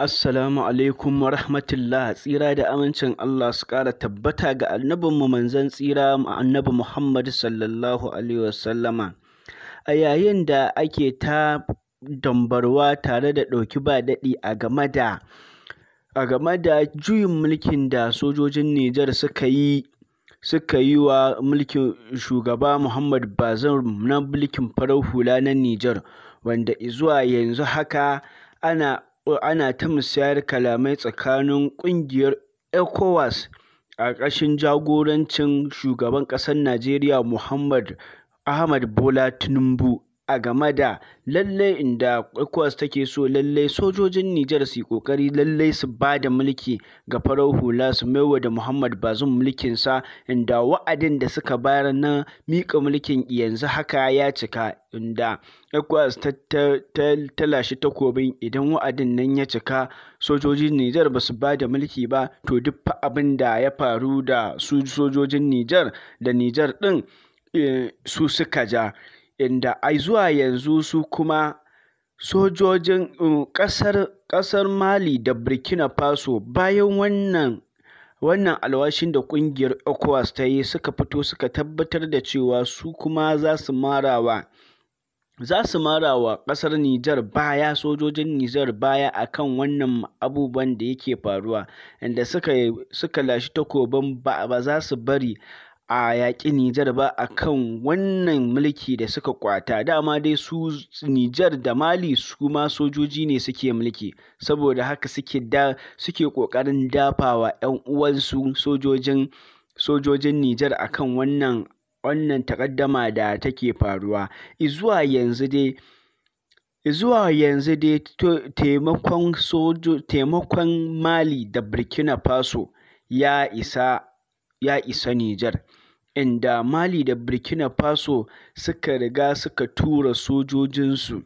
Assalamu alaikum wa rahmatullah tsira da amincin Allah su ƙara tabbata ga annabinmu manzan tsira annabi Muhammad sallallahu alaihi wasallama a yayin da ake ta dambarwa tare da ɗauki ba daɗi a game da a game da juyin mulkin da sojojin Nijar suka yi suka yi wa mulkin shugaba Muhammad Bazum na mulkin farar hula na Nijar wanda zuwa yanzu haka ana ana ta musayar kalamai tsakanin ƙungiyar ECOWAS a ƙarƙashin jagorancin Shugaban ƙasar Najeriya muhammad ahmad Bola Tinubu. a game da lallai inda ECOWAS take so lallai sojojin Nijar su kokari lallai su ba da mulki ga farau hula su maiwa da Muhammad Bazum mulkin sa inda wa'adin da suka bayar na mika mulkin yanzu haka ya cika inda ECOWAS ta lashe takobin idan wa'adin nan ya cika sojojin Nijar ba su ba da mulki ba to duk abin da ya faru da su sojojin Nijar da Nijar din eh, su suka ja inda zuwa yanzu su kuma sojojin um, ƙasar Mali da Burkina Faso, bayan wannan alwashin da ƙungiyar ECOWAS ta yi, suka fito suka tabbatar da cewa su kuma za su mara wa ƙasar Nijar baya, sojojin Nijar baya akan kan wannan abubuwan da yake faruwa, inda suka lashi takobin ba za su bari a yaƙi Nijar ba a kan wannan mulki da suka kwata dama dai su Nijar da Mali su ma sojoji ne suke mulki saboda haka suke da suke ƙoƙarin dafawa 'yan uwansu sojojin sojojin Nijar a kan wannan wannan takaddama da take faruwa izuwa yanzu dai zuwa yanzu dai taimakon sojo taimakon mali da burkina faso ya isa ya isa nijar inda Mali da Burkina Faso suka riga suka tura sojojinsu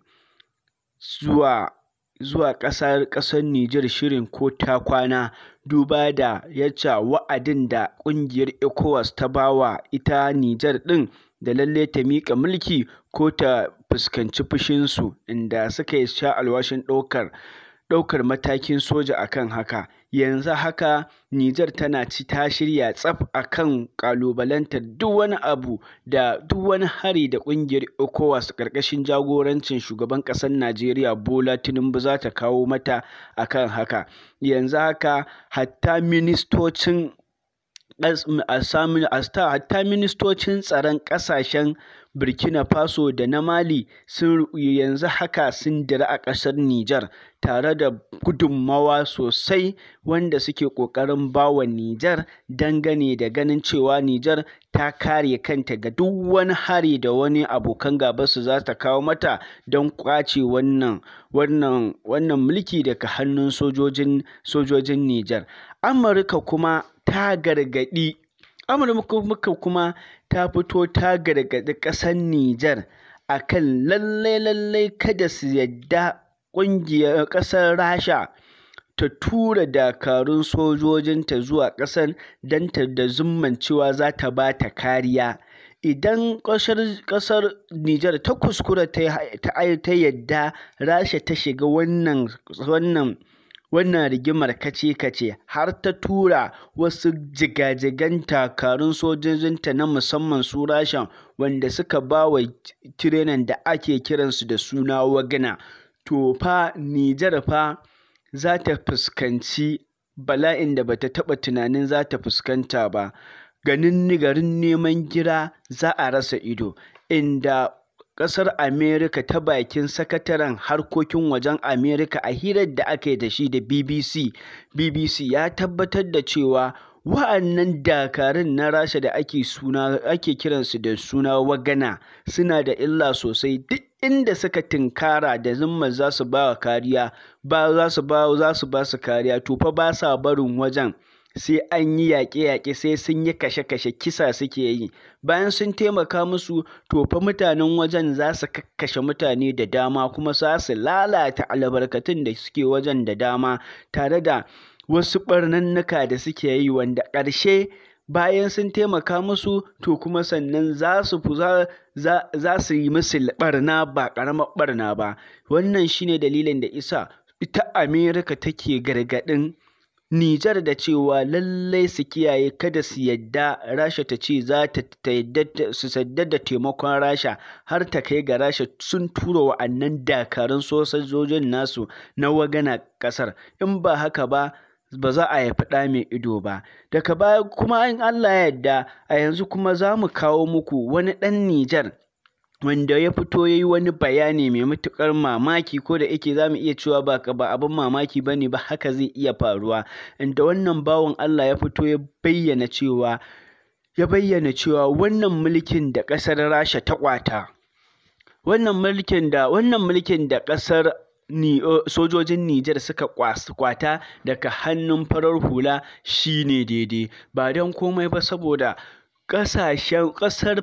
zuwa ƙasar ƙasar Nijar shirin ko-ta-kwana, duba da yacca wa'adin da ƙungiyar ECOWAS ta bawa ita Nijar ɗin da lalle ta miƙa mulki ko ta fuskanci fushinsu, inda suka sha alwashin ɗaukar ɗaukar matakin soja a kan haka. Yanzu haka, Nijar tana ci ta shirya tsaf a kan ƙalubalantar duk wani abu da duk wani hari da ƙungiyar ECOWAS ƙarƙashin jagorancin Shugaban ƙasar Najeriya Bola Tinubu za ta kawo mata a kan haka. Yanzu haka, hatta ministocin hatta ministocin tsaron ƙasashen Burkina Faso da na Mali sun yanzu haka sun dira a ƙasar Nijar, tare da gudunmawa sosai wanda suke ƙoƙarin bawa Nijar dangane da ganin cewa Nijar ta kare kanta ga duk wani hari da wani abokan su za ta kawo mata don ƙwace wannan mulki daga hannun sojojin sojojin Nijar. Amurka kuma ta gargaɗi Amurka kuma ta fito ta gargaɗi ƙasar Nijar a kan lallai-lallai kada su yadda ƙasar Rasha ta tura dakarun sojojinta zuwa ƙasar don da zumman cewa za ta ba ta kariya, idan ƙasar Nijar ta kuskura ta yadda Rasha ta shiga wannan wannan rigimar kace-kace har ta tura wasu jigajigan takarun sojojinta na musamman su rashen wanda suka ba wa tirenan da ake kiransu da suna wagana To fa Nijar fa za ta fuskanci bala'in da bata taɓa tunanin za ta fuskanta ba. Ganin garin neman gira za a rasa ido, inda ƙasar Amerika ta bakin Sakataren Harkokin Wajen Amerika a hirar da aka yi da shi da BBC, BBC ya tabbatar da cewa wa'annan dakarun na Rasha da ake ake kiransu da suna wagana suna da illa sosai duk inda suka tinkara da zimmar za su ba kariya ba za su ba su kariya to fa ba sa barin wajen sai an yi yaƙe-yaƙe sai sun yi kashe-kashe kisa suke yi bayan sun taimaka musu to fa mutanen wajen za su kakkashe mutane da dama kuma za su lalata albarkatun da suke wajen da dama tare da wasu ɓarnannuka da suke yi wanda ƙarshe bayan sun taimaka musu to kuma sannan za su za su yi musu ɓarna ba ƙaramar ɓarna ba wannan shine dalilin da isa ita amerika take gargaɗin Nijar da cewa lallai su kiyaye kada su yadda Rasha ta ce za su da taimakon Rasha har ta kai ga Rasha sun tura wa'annan dakarun sojojin nasu na wagana ƙasar, in ba haka ba ba za a haifi ɗa mai ido ba. Daga baya kuma in Allah ya yadda a yanzu kuma za mu kawo muku wani ɗan Nijar. wanda ya fito ya yi wani bayani mai matuƙar mamaki ko da yake za mu iya cewa ba ba abin mamaki ba ne ba haka zai iya faruwa inda wannan bawan Allah ya fito ya bayyana cewa ya bayyana cewa wannan mulkin da ƙasar Rasha ta kwata wannan mulkin da wannan mulkin da ƙasar ni, sojojin Nijar suka kwata daga hannun farar hula shine daidai ba don komai ba saboda ƙasar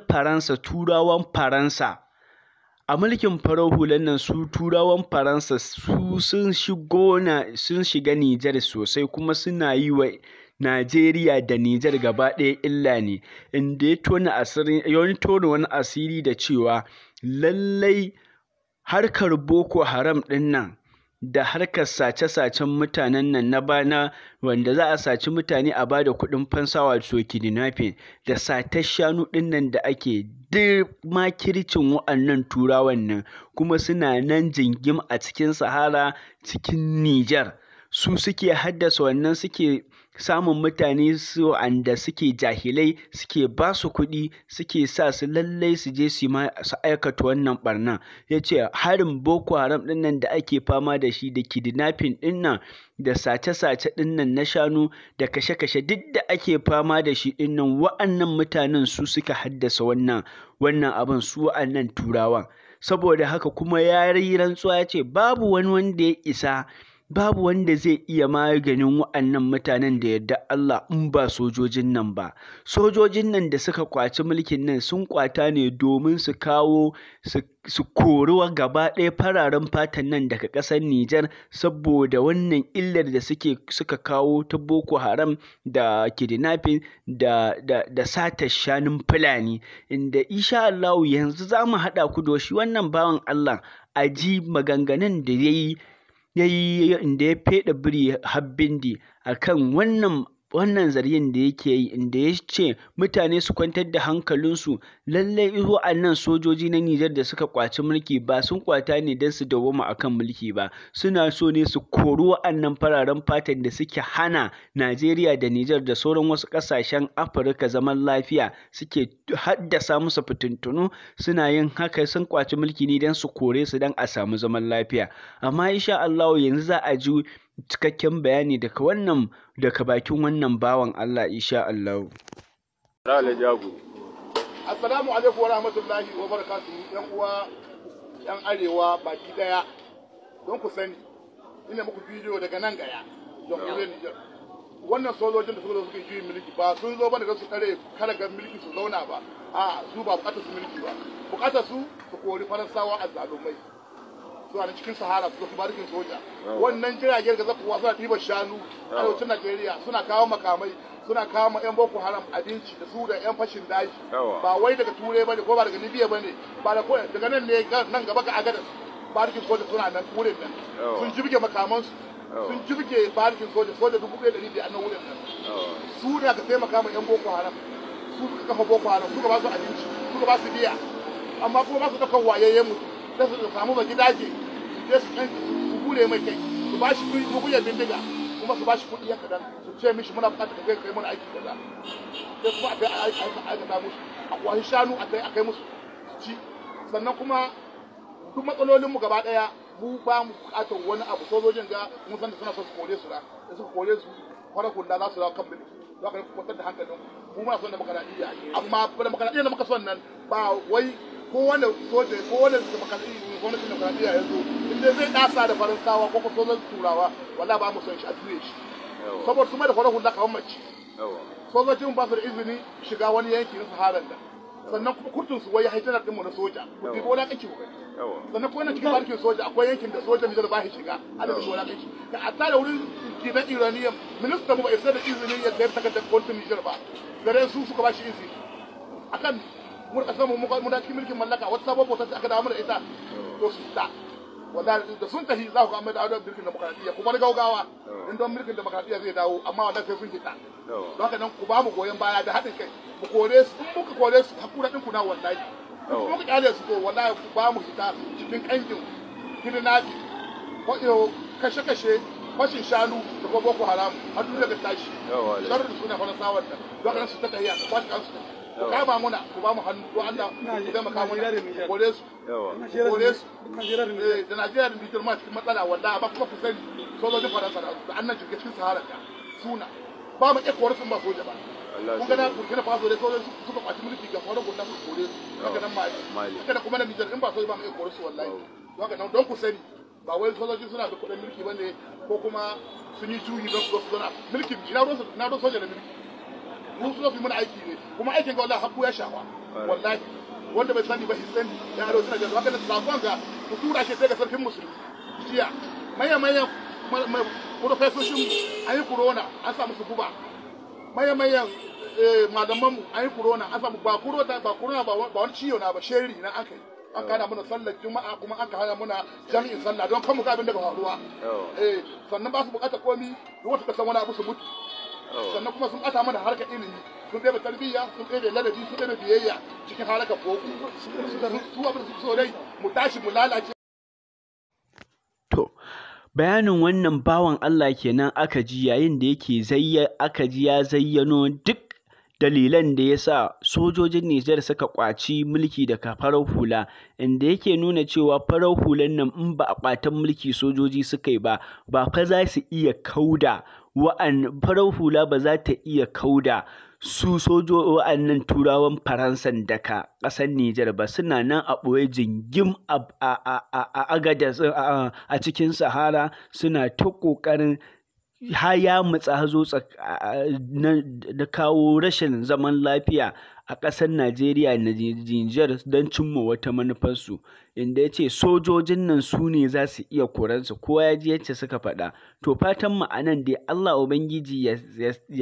Faransa Turawan Faransa a mulkin farar hulan nan su Turawan Faransa su sun shiga Nijar sosai kuma suna yi wa Najeriya da Nijar gaba ɗaya illa ne, inda ya tona wani asiri da cewa lallai harkar Boko Haram ɗin nan da harkar sace-sacen mutanen nan na bana wanda za a saci mutane a ba da kuɗin fansawa wato kidnapping da satar shanu ɗin nan da ake duk makircin wa'annan turawan nan kuma suna nan jingim a cikin sahara cikin Nijar su suke haddasa wannan suke samun mutane su wa'anda suke jahilai suke ba su kuɗi suke sa su lallai su je su aikata wannan barna ya ce harin boko haram ɗin nan da ake fama da shi da kidnapping ɗin nan da sace-sace ɗin nan na shanu da kashe-kashe duk da ake fama da shi ɗin nan wa'annan mutanen su suka haddasa wannan wannan abin su wa'annan turawan saboda haka kuma ya rantsuwa ya ce babu wani wanda ya isa babu wanda zai iya maganin wa'annan mutanen da yadda Allah in ba sojojin nan ba. Sojojin nan da suka kwaci mulkin nan sun kwata ne domin su kawo su koruwa gaba ɗaya fararen fatan nan daga ƙasar Nijar saboda wannan illar da suke suka kawo ta Boko Haram da kidnapping da da da sata shanun Fulani inda insha Allah yanzu za mu haɗa ku da shi wannan bawan Allah a ji maganganun da ya yi ya yi inda ya feɗa biri har bindi a kan wannan wannan zargin da yake yi inda ya ce mutane su kwantar da hankalinsu lallai nan sojoji na Nijar da suka kwaci mulki ba sun kwata ne don su dawoma akan mulki ba suna so ne su kori wa'annan fararen fatan da suke hana Najeriya da Nijar da sauran wasu ƙasashen Afirka zaman lafiya suke haddasa musu fitintunu suna yin haka sun kwaci mulki ne don su kore su don a samu zaman lafiya amma insha Allah yanzu za a ji cikakken bayani daga wannan daga bakin wannan bawan Allah insha Allah. Rale Jago. Assalamu alaikum wa rahmatullahi wa barakatuh Ƴan uwa ƴan arewa baki daya don ku sani ina muku bidiyo daga nan gaya don kure Niger. Wannan sojojin da suka zo suka yi mulki ba sun zo bane da su kare karagar mulki su zauna ba a su ba bukatar su mulki ba bukatar su su kori faransawa a zalumai suna da cikin sahara su zafi barikin soja wannan jiragen da zafuwa suna ɗiba shanu arewacin najeriya suna kawo makamai suna kawo ma yan boko haram abinci da su da yan fashin daji ba wai daga turai bane ko ba daga libya bane ba da koyar daga nan ne nan gaba ga agadas barikin soja suna nan wurin nan sun jibge makamansu sun jirge barikin soja soja dubu ɗaya ɗari biyar nan wurin nan su ne aka taimaka ma yan boko haram su suka kafa boko haram suka ba su abinci suka ba su biya amma kuma ba su ɗaukar wayayyen mutum sai su samu ba gidaje sai su ɗan mai kai su ba shi kuɗi dubuyar bindiga kuma su ba shi kuɗi ya kaɗan su ce mishi muna buƙatar ka kai kai mana aiki kaza sai kuma a kai a aikata musu a kwashi shanu a kai a kai musu ci sannan kuma duk matsalolinmu gaba ɗaya mu ba mu buƙatar wani abu sojojin ga mun san da suna son su kore su da suka kore su farar hula za su dawo kan za ka kwantar da hankalin mu son da makaradiyya amma da makaradiyya da muka son nan ba wai ko soja ko makaradiyya makaradiyya ya zo inda zai dasa da faransawa ko kuma turawa wala ba mu son shi a tuye shi saboda su mai da kwarar hula kawan mace sojojin ba su da izini shiga wani yanki na saharan da sannan kuma kurtun su wai haitana din mu na soja ku bi bola kake ku sannan kuma na cikin barkin soja akwai yankin da soja ne da ba shi shiga ana da bola kake da a tare wurin gidan iraniya minista mu bai sai da izini ya ga takardar kurtun Niger ba gare su suka ba shi izini akan mun kasar mu da cikin mulkin mallaka wata sabon bota aka da mana ita to su ta wallahi da sun tafi za ku amma da adon mulkin demokradiyya kuma gaugawa oh. in don mulkin demokradiyya zai dawo amma wallahi sai sun hita oh. don haka nan ku ba mu goyon baya da haɗin kai mu kore su in muka kore su hakura ɗin ku na wallahi in oh. muka ƙyale su to wallahi ku ba mu hita cikin ƙangin kidnapping ko kashe-kashe fashin shanu da kuma boko haram har duniya ga tashi sharri suna farasawan nan don haka su ta tafiya su kansu ku kama muna ku ba mu hannu don Allah ku taimaka muna kore su kore su da Najeriya eh, da Nijar ma cikin matsala wallahi ba kuma ku sani sojojin Faransa da annan cikin cikin Sahara ka suna ba mu iya kore su ba soja ba kun ga Burkina Faso da sojoji suka kwaci mulki ga farar gudan ku kore su haka nan Mali haka da kuma na Nijar in ba soja ba mu iya kore su wallahi haka nan don ku sani ba wai sojoji suna da kuɗin mulki bane ko kuma sun yi juyi don su zo su zo na ina ruwan soja da mulki mun zo mun aiki ne kuma aikin ga wallahi hakku ya shafa wallahi wanda bai sani ba shi sani ya aro suna jazu haka da sakon ga ku tura shi sai ga sarkin musulmi jiya maya maya profesoshin an yi corona an samu su guba maya maya eh, malaman an yi corona an samu ba corona ba corona ba wani ciyo na ba sheri na aka yi an kana muna sallar juma'a kuma an kana muna jami'in sallah don kan mu ga abin da ba faruwa eh, sannan ba su bukata komi duk wata kasan wani abu su mutu Oh. sannan kuma sun ɓata mana harkar ilimi sun ɗebe tarbiyya sun ɗebe ladabi sun ɗebe biyayya cikin harkar boko su abin su dai mu tashi mu lalace to bayanin wannan bawan Allah kenan aka ji yayin da yake zayya aka ji ya zayyano duk dalilan da ya sa sojojin Nijar suka ƙwaci mulki daga farar hula inda yake nuna cewa farar hulan nan in ba a kwatan mulki sojoji suka yi ba ba fa za su iya kauda wa'an farar hula ba za ta iya kauda su sojo wa'annan turawan faransan daga ƙasar Nijar ba suna nan a ɓoye jingim a cikin sahara suna ta ƙoƙarin ya mutsa hazo da kawo rashin zaman lafiya a ƙasar Najeriya na Nijar don cimma wata manufarsu, inda ya ce sojojin nan su ne za su iya koransu kowa ya ji yadda suka faɗa. To fatan ma'anan nan dai Allah Ubangiji ya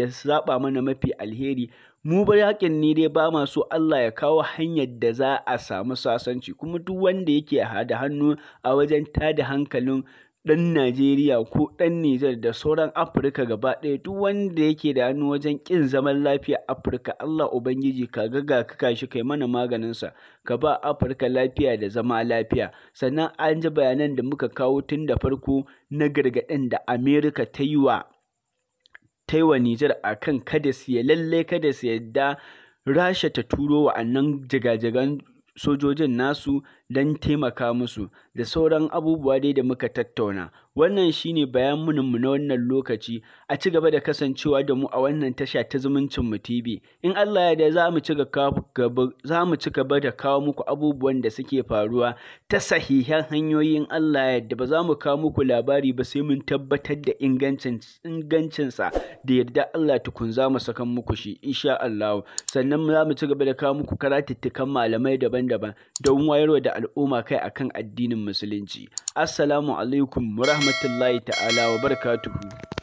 zaɓa mana mafi alheri, mu ba yaƙin ne dai ba ma Allah ya kawo hanyar da za a samu sasanci, kuma duk wanda yake da hannu a wajen tada hankalin ɗan Najeriya ko ɗan Nijar da sauran Afirka gaba ɗaya duk wanda yake da hannu wajen ƙin zaman lafiya Afirka Allah Ubangiji ka ga ka kashi kai mana maganinsa ka ba Afirka lafiya da zama lafiya sannan an ji bayanan da muka kawo tun da farko na gargaɗin da Amerika ta yi wa ta yi wa Nijar a kan kada su ya lalle kada su yadda Rasha ta turo wa annan jigajigan sojojin nasu don taimaka musu da sauran abubuwa dai da muka tattauna. Wannan shine bayaninmu na wannan lokaci, a ci gaba da kasancewa da mu a wannan tasha ta zumuncin zumuncinmu TV. In Allah ya da za mu ci gaba da kawo muku abubuwan da suke faruwa ta sahihan hanyoyin Allah ya da ba za mu kawo muku labari ba sai mun tabbatar da ingancinsa da yarda Allah tukun za mu sakan muku shi insha Sannan za mu ci gaba da kawo muku karatuttukan malamai daban-daban don wayarwa da al'umma kai akan addinin musulunci assalamu alaikum wa rahmatullahi ta'ala wa barakatuhu